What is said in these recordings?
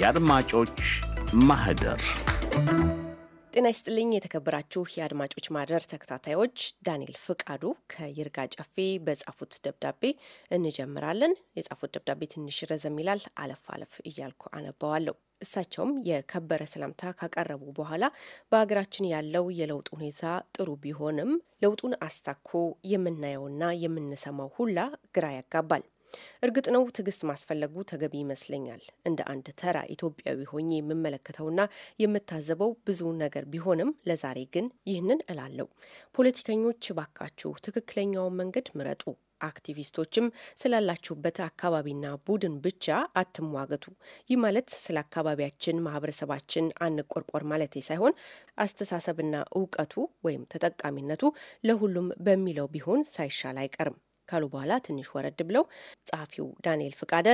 የአድማጮች ማህደር ጤና ይስጥልኝ የተከበራችሁ የአድማጮች ማህደር ተከታታዮች፣ ዳንኤል ፍቃዱ ከይርጋ ጨፌ በጻፉት ደብዳቤ እንጀምራለን። የጻፉት ደብዳቤ ትንሽ ረዘም ይላል። አለፍ አለፍ እያልኩ አነባዋለሁ። እሳቸውም የከበረ ሰላምታ ካቀረቡ በኋላ በሀገራችን ያለው የለውጥ ሁኔታ ጥሩ ቢሆንም ለውጡን አስታኮ የምናየውና የምንሰማው ሁላ ግራ ያጋባል። እርግጥ ነው ትዕግስት ማስፈለጉ ተገቢ ይመስለኛል። እንደ አንድ ተራ ኢትዮጵያዊ ሆኜ የምመለከተውና የምታዘበው ብዙ ነገር ቢሆንም ለዛሬ ግን ይህንን እላለሁ። ፖለቲከኞች ባካችሁ ትክክለኛውን መንገድ ምረጡ። አክቲቪስቶችም ስላላችሁበት አካባቢና ቡድን ብቻ አትሟገቱ። ይህ ማለት ስለ አካባቢያችን ማህበረሰባችን አንቆርቆር ማለቴ ሳይሆን አስተሳሰብና እውቀቱ ወይም ተጠቃሚነቱ ለሁሉም በሚለው ቢሆን ሳይሻል አይቀርም። ካሉ በኋላ ትንሽ ወረድ ብለው ጸሐፊው ዳንኤል ፍቃደ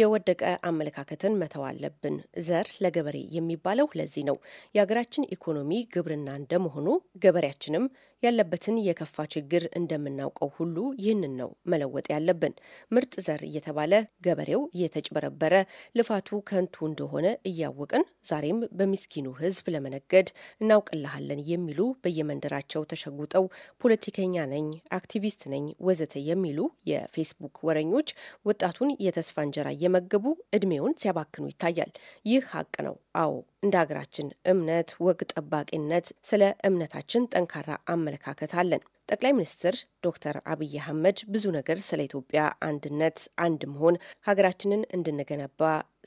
የወደቀ አመለካከትን መተው አለብን፣ ዘር ለገበሬ የሚባለው ለዚህ ነው። የሀገራችን ኢኮኖሚ ግብርና እንደመሆኑ ገበሬያችንም ያለበትን የከፋ ችግር እንደምናውቀው ሁሉ ይህንን ነው መለወጥ ያለብን። ምርጥ ዘር እየተባለ ገበሬው እየተጭበረበረ ልፋቱ ከንቱ እንደሆነ እያወቅን ዛሬም በሚስኪኑ ሕዝብ ለመነገድ እናውቅልሃለን የሚሉ በየመንደራቸው ተሸጉጠው ፖለቲከኛ ነኝ፣ አክቲቪስት ነኝ ወዘተ የሚሉ የፌስቡክ ወረኞች ወጣቱን የተስፋ እንጀራ እየመገቡ እድሜውን ሲያባክኑ ይታያል። ይህ ሀቅ ነው። አዎ እንደ ሀገራችን እምነት ወግ ጠባቂነት ስለ እምነታችን ጠንካራ አመለካከት አለን። ጠቅላይ ሚኒስትር ዶክተር አብይ አህመድ ብዙ ነገር ስለ ኢትዮጵያ አንድነት፣ አንድ መሆን፣ ሀገራችንን እንድንገነባ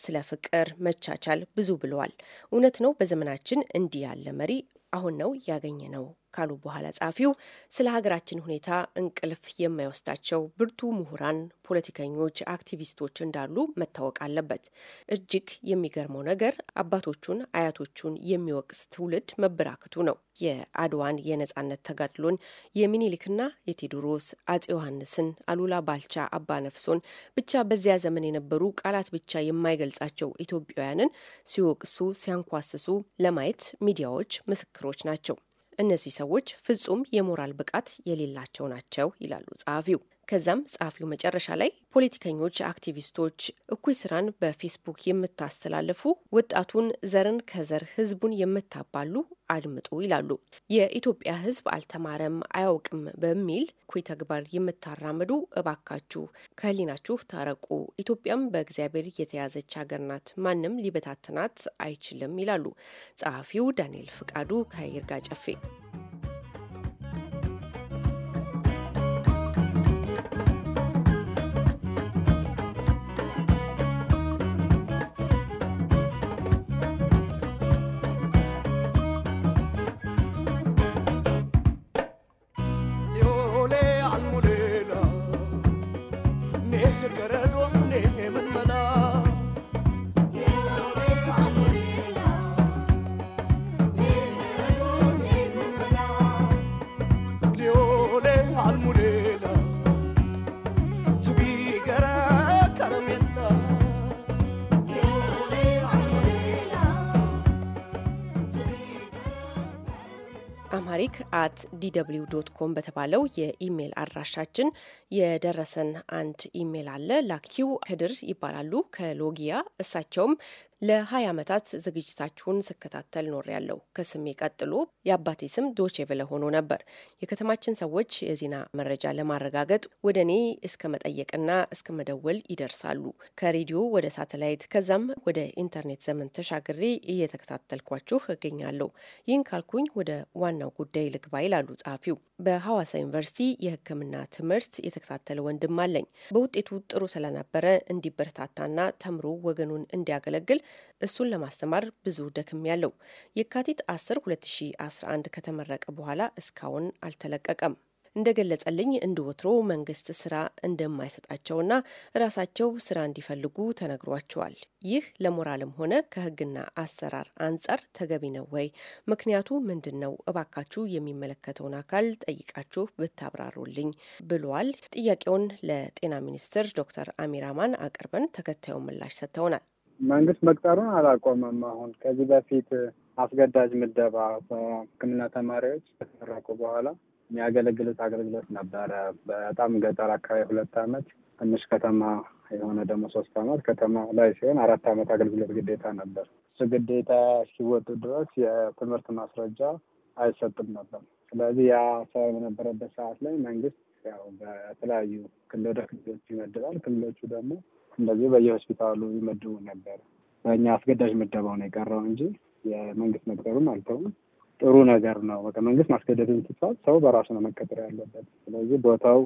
ስለ ፍቅር፣ መቻቻል ብዙ ብለዋል። እውነት ነው፣ በዘመናችን እንዲህ ያለ መሪ አሁን ነው ያገኘ ነው ካሉ በኋላ ጸሐፊው ስለ ሀገራችን ሁኔታ እንቅልፍ የማይወስዳቸው ብርቱ ምሁራን፣ ፖለቲከኞች፣ አክቲቪስቶች እንዳሉ መታወቅ አለበት። እጅግ የሚገርመው ነገር አባቶቹን፣ አያቶቹን የሚወቅስ ትውልድ መበራከቱ ነው። የአድዋን የነጻነት ተጋድሎን የሚኒሊክና የቴዎድሮስ አጼ ዮሐንስን፣ አሉላ ባልቻ፣ አባ ነፍሶን ብቻ በዚያ ዘመን የነበሩ ቃላት ብቻ የማይገልጻቸው ኢትዮጵያውያንን ሲወቅሱ ሲያንኳስሱ ለማየት ሚዲያዎች ምስክሮች ናቸው። እነዚህ ሰዎች ፍጹም የሞራል ብቃት የሌላቸው ናቸው ይላሉ ጸሐፊው። ከዛም ጸሐፊው መጨረሻ ላይ ፖለቲከኞች፣ አክቲቪስቶች እኩይ ስራን በፌስቡክ የምታስተላልፉ ወጣቱን ዘርን ከዘር ህዝቡን የምታባሉ አድምጡ ይላሉ። የኢትዮጵያ ህዝብ አልተማረም አያውቅም በሚል እኩይ ተግባር የምታራምዱ እባካችሁ ከህሊናችሁ ታረቁ። ኢትዮጵያም በእግዚአብሔር የተያዘች ሀገር ናት፣ ማንም ሊበታትናት አይችልም ይላሉ ጸሐፊው ዳንኤል ፍቃዱ ከይርጋ ጨፌ አምሃሪክ አት ዲw ዶት ኮም በተባለው የኢሜይል አድራሻችን የደረሰን አንድ ኢሜይል አለ። ላኪው ህድር ይባላሉ ከሎጊያ እሳቸውም ለ20 ዓመታት ዝግጅታችሁን ስከታተል ኖር ያለው ከስሜ ቀጥሎ የአባቴ ስም ዶቼ ቬለ ሆኖ ነበር። የከተማችን ሰዎች የዜና መረጃ ለማረጋገጥ ወደ እኔ እስከ መጠየቅና እስከ መደወል ይደርሳሉ። ከሬዲዮ ወደ ሳተላይት ከዛም ወደ ኢንተርኔት ዘመን ተሻግሬ እየተከታተልኳችሁ እገኛለሁ። ይህን ካልኩኝ ወደ ዋናው ጉዳይ ልግባ ይላሉ ጸሐፊው። በሐዋሳ ዩኒቨርሲቲ የሕክምና ትምህርት የተከታተለ ወንድም አለኝ። በውጤቱ ጥሩ ስለነበረ እንዲበረታታና ተምሮ ወገኑን እንዲያገለግል እሱን ለማስተማር ብዙ ደክም ያለው የካቲት 10 2011 ከተመረቀ በኋላ እስካሁን አልተለቀቀም። እንደገለጸልኝ እንደ ወትሮ መንግስት ስራ እንደማይሰጣቸውና ራሳቸው ስራ እንዲፈልጉ ተነግሯቸዋል። ይህ ለሞራልም ሆነ ከህግና አሰራር አንጻር ተገቢ ነው ወይ? ምክንያቱ ምንድን ነው? እባካችሁ የሚመለከተውን አካል ጠይቃችሁ ብታብራሩልኝ ብሏል። ጥያቄውን ለጤና ሚኒስትር ዶክተር አሚር አማን አቅርበን ተከታዩን ምላሽ ሰጥተውናል። መንግስት መቅጠሩን አላቆመም። አሁን ከዚህ በፊት አስገዳጅ ምደባ በሕክምና ተማሪዎች ከተመረቁ በኋላ የሚያገለግሉት አገልግሎት ነበረ። በጣም ገጠር አካባቢ ሁለት አመት፣ ትንሽ ከተማ የሆነ ደግሞ ሶስት አመት፣ ከተማ ላይ ሲሆን አራት አመት አገልግሎት ግዴታ ነበር። እሱ ግዴታ ሲወጡ ድረስ የትምህርት ማስረጃ አይሰጥም ነበር። ስለዚህ ያ ሰው በነበረበት ሰዓት ላይ መንግስት ያው በተለያዩ ክልሎች ይመድባል። ክልሎቹ ደግሞ እንደዚህ በየሆስፒታሉ ይመድቡ ነበር። በእኛ አስገዳጅ ምደባው ነው የቀረው እንጂ የመንግስት መቅጠሩን አልተውም። ጥሩ ነገር ነው። በቃ መንግስት ማስገደድን ሲባል ሰው በራሱ ነው መቀጠር ያለበት። ስለዚህ ቦታው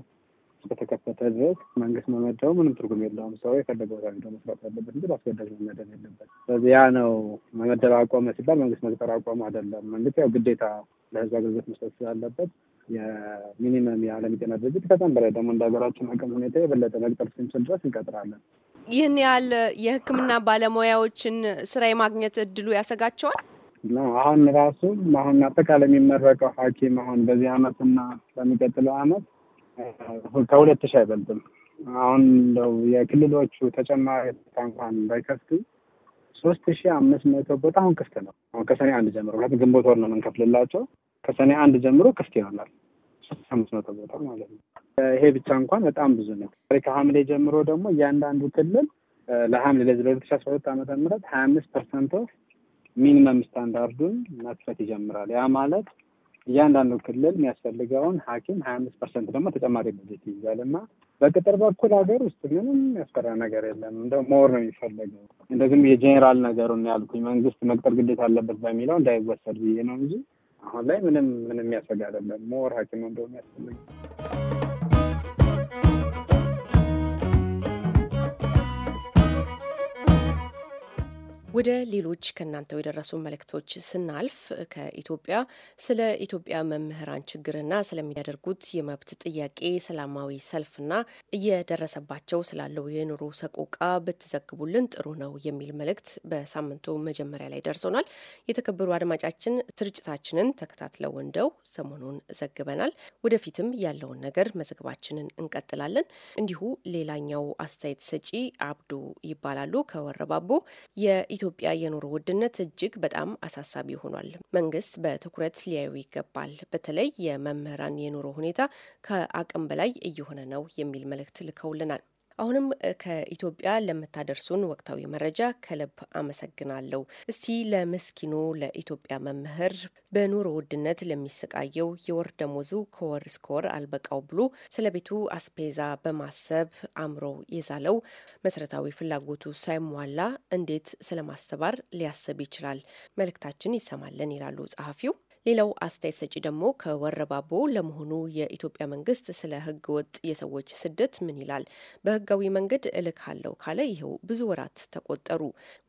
በተከፈተ ድረስ መንግስት መመደቡ ምንም ትርጉም የለውም። ሰው የፈለገ ቦታ ሄዶ መስራት ያለበት እንጂ በአስገዳጅ መመደብ የለበት። ስለዚህ ያ ነው መመደብ አቆመ ሲባል መንግስት መቅጠር አቆመ አይደለም። መንግስት ያው ግዴታ ለህዝብ አገልግሎት መስጠት ስላለበት የሚኒመም የዓለም ጤና ድርጅት ከዛም በላይ ደግሞ እንደ ሀገራችን አቅም ሁኔታ የበለጠ መቅጠር ስንችል ድረስ እንቀጥራለን። ይህን ያህል የሕክምና ባለሙያዎችን ስራ የማግኘት እድሉ ያሰጋቸዋል። አሁን ራሱ አሁን አጠቃላይ የሚመረቀው ሐኪም አሁን በዚህ አመት አመትና በሚቀጥለው አመት ከሁለት ሺህ አይበልጥም። አሁን እንደው የክልሎቹ ተጨማሪ እንኳን ባይከፍቱ ሶስት ሺህ አምስት መቶ ቦታ አሁን ክፍት ነው። አሁን ከሰኔ አንድ ጀምሮ ሁለት ግንቦት ወር ነው የምንከፍልላቸው ከሰኔ አንድ ጀምሮ ክፍት ይሆናል። አምስት መቶ ቦታ ማለት ነው። ይሄ ብቻ እንኳን በጣም ብዙ ነው። ከሐምሌ ጀምሮ ደግሞ እያንዳንዱ ክልል ለሐምሌ ለዚህ ለሁለት ሺ አስራ ሁለት ዓመተ ምህረት ሀያ አምስት ፐርሰንት ኦፍ ሚኒመም ስታንዳርዱን መክፈት ይጀምራል። ያ ማለት እያንዳንዱ ክልል የሚያስፈልገውን ሐኪም ሀያ አምስት ፐርሰንት ደግሞ ተጨማሪ በጀት ይይዛል እና በቅጥር በኩል ሀገር ውስጥ ምንም ያስፈራ ነገር የለም። እንደ ሞር ነው የሚፈለገው። እንደዚህም የጄኔራል ነገሩን ያልኩኝ መንግስት መቅጠር ግዴታ አለበት በሚለው እንዳይወሰድ ብዬ ነው እንጂ አሁን ላይ ምንም ምንም የሚያሰጋ አይደለም። ሞር ሐኪም እንደውም ያስፈልግ ወደ ሌሎች ከእናንተው የደረሱ መልእክቶች ስናልፍ ከኢትዮጵያ ስለ ኢትዮጵያ መምህራን ችግርና ስለሚያደርጉት የመብት ጥያቄ ሰላማዊ ሰልፍና እየደረሰባቸው ስላለው የኑሮ ሰቆቃ ብትዘግቡልን ጥሩ ነው የሚል መልእክት በሳምንቱ መጀመሪያ ላይ ደርሶናል። የተከበሩ አድማጫችን ስርጭታችንን ተከታትለው እንደው ሰሞኑን ዘግበናል። ወደፊትም ያለውን ነገር መዘግባችንን እንቀጥላለን። እንዲሁ ሌላኛው አስተያየት ሰጪ አብዱ ይባላሉ ከወረባቦ በኢትዮጵያ የኑሮ ውድነት እጅግ በጣም አሳሳቢ ሆኗል። መንግስት በትኩረት ሊያዩ ይገባል። በተለይ የመምህራን የኑሮ ሁኔታ ከአቅም በላይ እየሆነ ነው የሚል መልእክት ልከውልናል። አሁንም ከኢትዮጵያ ለምታደርሱን ወቅታዊ መረጃ ከልብ አመሰግናለሁ። እስቲ ለምስኪኑ ለኢትዮጵያ መምህር በኑሮ ውድነት ለሚሰቃየው የወር ደሞዙ ከወር እስከ ወር አልበቃው ብሎ ስለ ቤቱ አስፔዛ በማሰብ አእምሮ የዛለው መሰረታዊ ፍላጎቱ ሳይሟላ እንዴት ስለማስተባር ሊያስብ ይችላል? መልእክታችን ይሰማለን ይላሉ ጸሐፊው። ሌላው አስተያየት ሰጪ ደግሞ ከወረባቦ ለመሆኑ የኢትዮጵያ መንግስት ስለ ህገ ወጥ የሰዎች ስደት ምን ይላል? በህጋዊ መንገድ አለው ካለ ይኸው ብዙ ወራት ተቆጠሩ።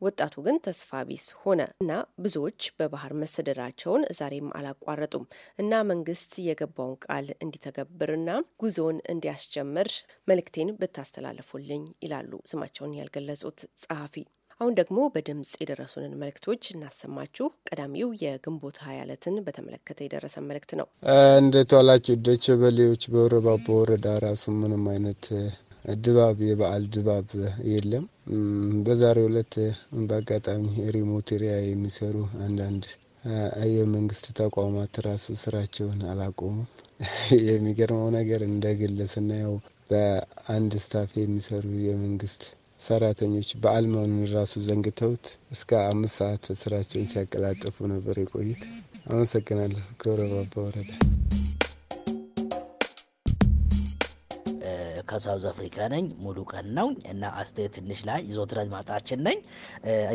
ወጣቱ ግን ተስፋ ቢስ ሆነ እና ብዙዎች በባህር መሰደዳቸውን ዛሬም አላቋረጡም እና መንግስት የገባውን ቃል እንዲተገብርና ጉዞውን እንዲያስጀምር መልእክቴን ብታስተላልፉልኝ ይላሉ ስማቸውን ያልገለጹት ጸሐፊ። አሁን ደግሞ በድምፅ የደረሱንን መልእክቶች እናሰማችሁ። ቀዳሚው የግንቦት ሀያ ዕለትን በተመለከተ የደረሰ መልእክት ነው። እንዴት ዋላችሁ በሌዎች? በወረባቦ ወረዳ ራሱ ምንም አይነት ድባብ የበዓል ድባብ የለም። በዛሬው ዕለት በአጋጣሚ ሪሞት ሪያ የሚሰሩ አንዳንድ የመንግስት ተቋማት ራሱ ስራቸውን አላቆሙም። የሚገርመው ነገር እንደ ግል ስናየው በአንድ ስታፍ የሚሰሩ የመንግስት ሰራተኞች በዓል መሆኑን ራሱ ዘንግተውት እስከ አምስት ሰዓት ስራቸውን ሲያቀላጥፉ ነበር የቆዩት። አመሰግናለሁ። ክብረ ባባ ወረዳ ከሳውዝ አፍሪካ ነኝ። ሙሉ ቀን ነው እና አስተያየት ትንሽ ላይ ይዞትረን ማጣችን ነኝ።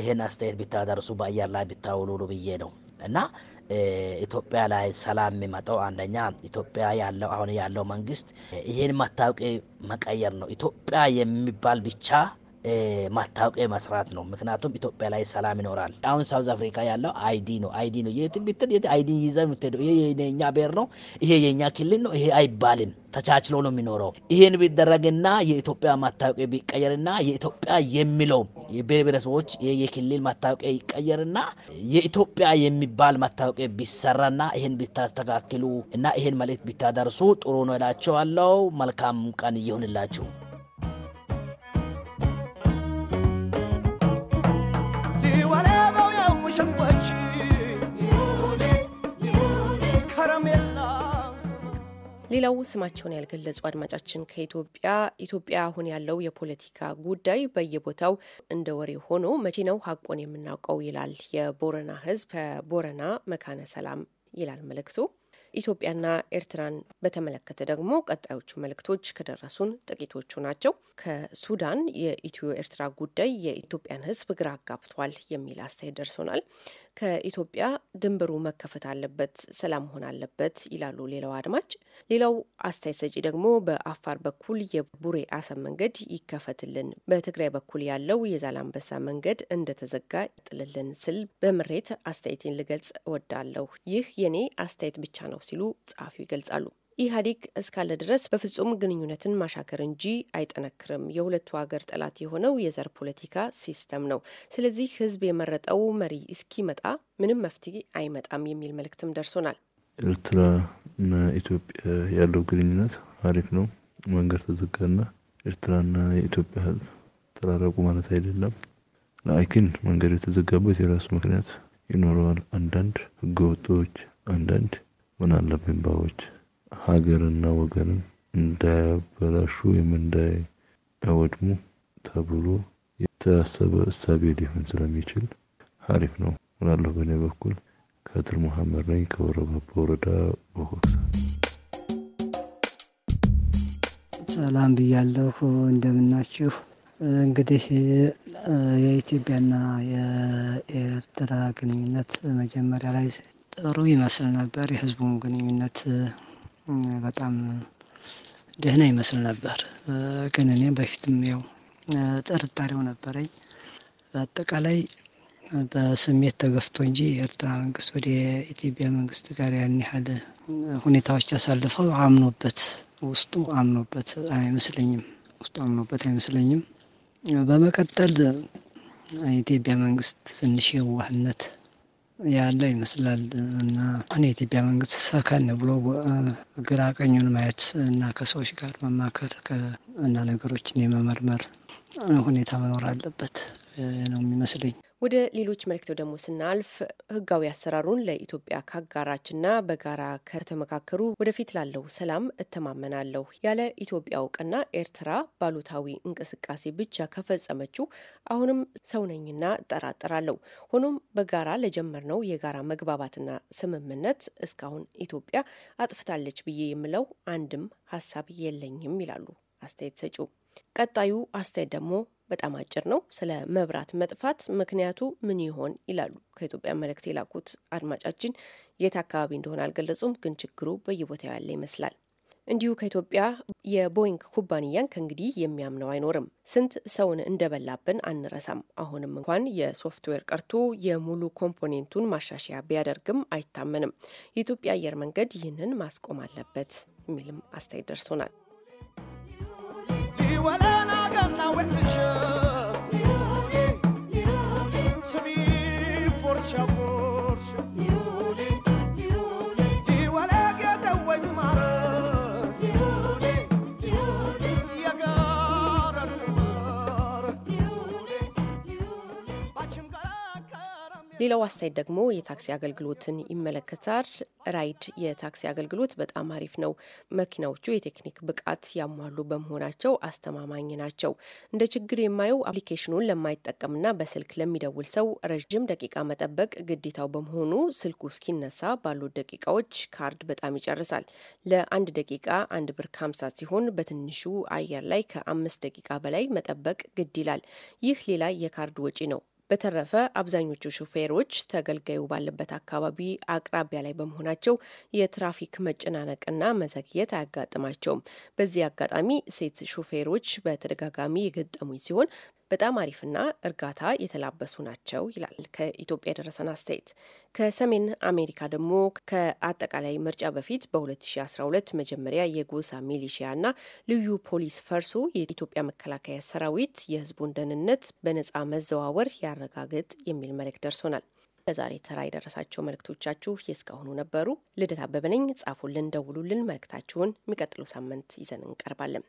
ይህን አስተያየት ቢታደርሱ በአየር ላይ ቢታውሉሉ ብዬ ነው እና ኢትዮጵያ ላይ ሰላም የሚመጣው አንደኛ ኢትዮጵያ ያለው አሁን ያለው መንግስት ይህን መታወቂ መቀየር ነው። ኢትዮጵያ የሚባል ብቻ ማስታወቂያ መስራት ነው። ምክንያቱም ኢትዮጵያ ላይ ሰላም ይኖራል። አሁን ሳውዝ አፍሪካ ያለው አይዲ ነው። አይዲ ነው የትብትል አይዲ ይዘ ምትሄደው ይሄ የኛ ብሔር ነው፣ ይሄ የኛ ክልል ነው፣ ይሄ አይባልም። ተቻችሎ ነው የሚኖረው። ይሄን ቢደረግና የኢትዮጵያ ማታወቂያ ቢቀየርና የኢትዮጵያ የሚለው የብሔር ብሔረሰቦች የክልል ማታወቂያ ይቀየርና የኢትዮጵያ የሚባል ማታወቂያ ቢሰራና ይሄን ቢታስተካክሉ እና ይሄን መልእክት ቢታደርሱ ጥሩ ነው እላቸዋለሁ። መልካም ቀን እየሆንላችሁ ሌላው ስማቸውን ያልገለጹ አድማጫችን ከኢትዮጵያ ኢትዮጵያ አሁን ያለው የፖለቲካ ጉዳይ በየቦታው እንደ ወሬ ሆኖ መቼ ነው ሀቆን የምናውቀው ይላል። የቦረና ህዝብ ከቦረና መካነ ሰላም ይላል መልእክቱ። ኢትዮጵያና ኤርትራን በተመለከተ ደግሞ ቀጣዮቹ መልእክቶች ከደረሱን ጥቂቶቹ ናቸው። ከሱዳን የኢትዮ ኤርትራ ጉዳይ የኢትዮጵያን ህዝብ ግራ አጋብቷል የሚል አስተያየት ደርሶናል። ከኢትዮጵያ ድንበሩ መከፈት አለበት፣ ሰላም መሆን አለበት ይላሉ ሌላው አድማጭ ሌላው አስተያየት ሰጪ ደግሞ በአፋር በኩል የቡሬ አሰብ መንገድ ይከፈትልን፣ በትግራይ በኩል ያለው የዛላንበሳ መንገድ እንደተዘጋ ጥልልን ስል በምሬት አስተያየቴን ልገልጽ እወዳለሁ። ይህ የኔ አስተያየት ብቻ ነው ሲሉ ጸሐፊው ይገልጻሉ። ኢህአዴግ እስካለ ድረስ በፍጹም ግንኙነትን ማሻከር እንጂ አይጠነክርም። የሁለቱ ሀገር ጠላት የሆነው የዘር ፖለቲካ ሲስተም ነው። ስለዚህ ህዝብ የመረጠው መሪ እስኪመጣ ምንም መፍትሄ አይመጣም የሚል መልእክትም ደርሶናል። ኤርትራ እና ኢትዮጵያ ያለው ግንኙነት አሪፍ ነው። መንገድ ተዘጋና ኤርትራና የኢትዮጵያ ህዝብ ተራረቁ ማለት አይደለም። ላኪን መንገድ የተዘጋበት የራሱ ምክንያት ይኖረዋል። አንዳንድ ህገወጦች፣ አንዳንድ ምን አለብኝ ባዮች ሀገርና ወገንን እንዳያበላሹ ወይም እንዳያወድሙ ተብሎ የታሰበ እሳቤ ሊሆን ስለሚችል አሪፍ ነው እላለሁ በእኔ በኩል። ከድር መሐመድ ነኝ ከወረባቦ ወረዳ በኮክሳ ሰላም ብያለሁ። እንደምናችሁ። እንግዲህ የኢትዮጵያና የኤርትራ ግንኙነት መጀመሪያ ላይ ጥሩ ይመስል ነበር። የህዝቡን ግንኙነት በጣም ደህና ይመስል ነበር። ግን እኔ በፊትም ያው ጥርጣሬው ነበረኝ። በአጠቃላይ በስሜት ተገፍቶ እንጂ የኤርትራ መንግስት ወደ ኢትዮጵያ መንግስት ጋር ያን ያህል ሁኔታዎች ያሳልፈው አምኖበት ውስጡ አምኖበት አይመስለኝም። ውስጡ አምኖበት አይመስለኝም። በመቀጠል የኢትዮጵያ መንግስት ትንሽ የዋህነት ያለ ይመስላል እና የኢትዮጵያ መንግስት ሰከን ብሎ ግራ ቀኙን ማየት እና ከሰዎች ጋር መማከር እና ነገሮችን የመመርመር ሁኔታ መኖር አለበት ነው የሚመስለኝ። ወደ ሌሎች መልክቶ ደግሞ ስናልፍ ህጋዊ አሰራሩን ለኢትዮጵያ ካጋራችና በጋራ ከተመካከሩ ወደፊት ላለው ሰላም እተማመናለሁ ያለ ኢትዮጵያ እውቅና ኤርትራ ባሉታዊ እንቅስቃሴ ብቻ ከፈጸመችው አሁንም ሰውነኝና ጠራጠራለሁ። ሆኖም በጋራ ለጀመርነው የጋራ መግባባትና ስምምነት እስካሁን ኢትዮጵያ አጥፍታለች ብዬ የምለው አንድም ሀሳብ የለኝም ይላሉ አስተያየት ሰጪው። ቀጣዩ አስተያየት ደግሞ በጣም አጭር ነው። ስለ መብራት መጥፋት ምክንያቱ ምን ይሆን ይላሉ ከኢትዮጵያ መልእክት የላኩት አድማጫችን። የት አካባቢ እንደሆነ አልገለጹም፣ ግን ችግሩ በየቦታው ያለ ይመስላል። እንዲሁ ከኢትዮጵያ የቦይንግ ኩባንያን ከእንግዲህ የሚያምነው አይኖርም። ስንት ሰውን እንደበላብን አንረሳም። አሁንም እንኳን የሶፍትዌር ቀርቶ የሙሉ ኮምፖኔንቱን ማሻሻያ ቢያደርግም አይታመንም። የኢትዮጵያ አየር መንገድ ይህንን ማስቆም አለበት የሚልም አስተያየት ደርሶናል። You ሌላው አስተያየት ደግሞ የታክሲ አገልግሎትን ይመለከታል። ራይድ የታክሲ አገልግሎት በጣም አሪፍ ነው። መኪናዎቹ የቴክኒክ ብቃት ያሟሉ በመሆናቸው አስተማማኝ ናቸው። እንደ ችግር የማየው አፕሊኬሽኑን ለማይጠቀምና በስልክ ለሚደውል ሰው ረዥም ደቂቃ መጠበቅ ግዴታው በመሆኑ ስልኩ እስኪነሳ ባሉት ደቂቃዎች ካርድ በጣም ይጨርሳል። ለአንድ ደቂቃ አንድ ብር ከሀምሳ ሲሆን በትንሹ አየር ላይ ከአምስት ደቂቃ በላይ መጠበቅ ግድ ይላል። ይህ ሌላ የካርድ ወጪ ነው። በተረፈ አብዛኞቹ ሹፌሮች ተገልጋዩ ባለበት አካባቢ አቅራቢያ ላይ በመሆናቸው የትራፊክ መጨናነቅና መዘግየት አያጋጥማቸውም። በዚህ አጋጣሚ ሴት ሹፌሮች በተደጋጋሚ የገጠሙኝ ሲሆን በጣም አሪፍና እርጋታ የተላበሱ ናቸው ይላል ከኢትዮጵያ የደረሰን አስተያየት። ከሰሜን አሜሪካ ደግሞ ከአጠቃላይ ምርጫ በፊት በ2012 መጀመሪያ የጎሳ ሚሊሺያና ልዩ ፖሊስ ፈርሶ የኢትዮጵያ መከላከያ ሰራዊት የህዝቡን ደህንነት በነጻ መዘዋወር ያረጋግጥ የሚል መልእክት ደርሶናል። በዛሬ ተራ የደረሳቸው መልእክቶቻችሁ የእስካሁኑ ነበሩ። ልደት አበበነኝ ጻፉልን፣ ደውሉልን። መልእክታችሁን የሚቀጥለው ሳምንት ይዘን እንቀርባለን።